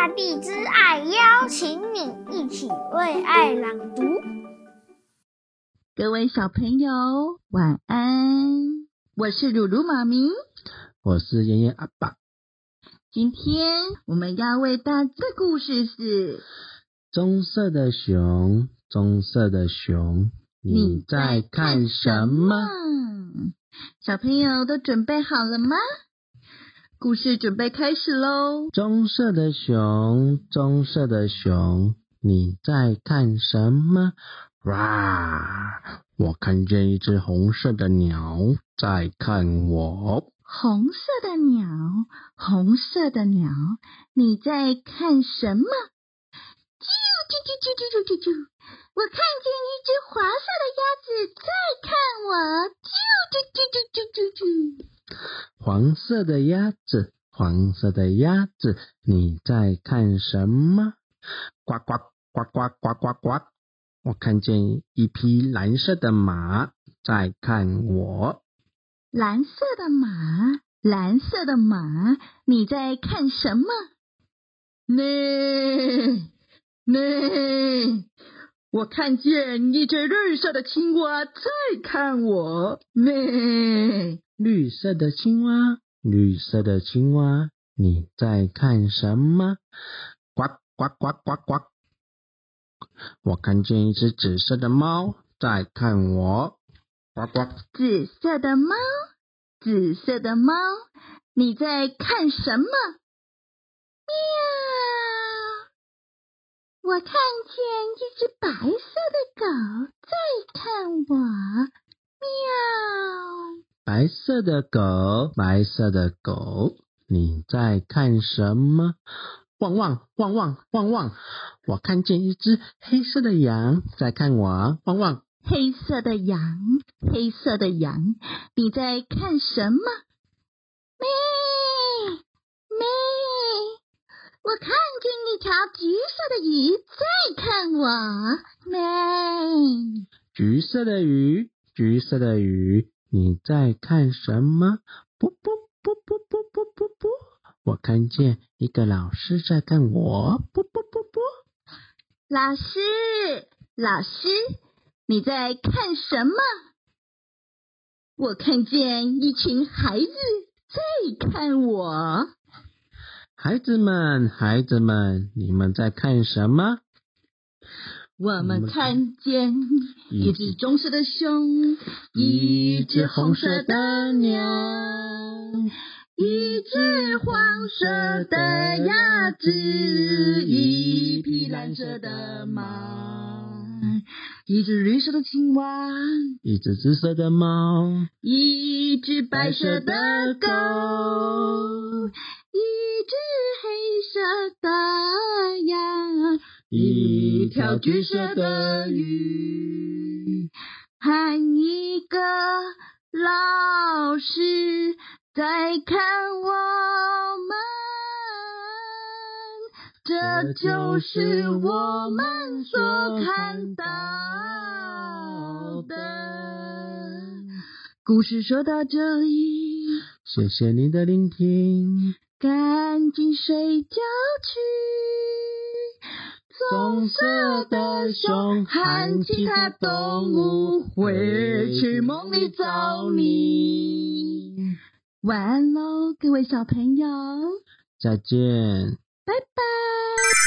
大地之愛，邀請你一起為愛朗讀。各位小朋友，晚安！我是如如媽咪，我是彥彥阿爸。今天我們要為大家的故事是：棕色的熊，棕色的熊，你在看什麼？你在看什麼？小朋友都準備好了嗎？故事準備開始嘍。棕色的熊，棕色的熊，你在看什麼？哇、啊，我看見一隻紅色的鳥在看我。紅色的鳥，紅色的鳥，你在看什麼？啾啾啾啾啾啾啾啾，我看見一隻。黃色的鴨子，黃色的鴨子，你在看什麼？呱呱呱呱呱呱，呱呱！我看見一匹藍色的馬在看我。藍色的馬，藍色的馬，你在看什麼？咩咩！我看見一隻綠色的青蛙在看我。咩。綠色的青蛙，綠色的青蛙，你在看什麼？呱呱呱呱呱！我看見一隻紫色的貓在看我。呱呱。紫色的貓，紫色的貓，你在看什麼？喵！我看見一隻白色的狗在看我。白色的狗，白色的狗，你在看什麼？汪汪汪汪汪汪！我看見一隻黑色的羊在看我啊，汪汪。黑色的羊，黑色的羊，你在看什麼？咩咩！我看見一條橘色的魚在看我，咩。橘色的魚，橘色的魚。你在看什麼？不不不不不不不不，我看見一個老師在看我。不不不不，老師，老師，你在看什麼？我看見一群孩子在看我。孩子們，孩子們，你們在看什麼？我們看見一隻棕色的熊，嗯、一隻紅色的鳥，一隻黃色的鴨子，一匹藍色的馬，一隻綠色的青蛙，一隻紫色的貓，一隻白色的狗，一隻黑色的，一條橘色的魚，和一個老師在看我們，這就是我們所看到的。故事說到這裡，謝謝你的聆聽，趕緊睡覺去。棕色的熊喊其他動物，會去夢裡找你。晚安嘍，各位小朋友。再見。拜拜。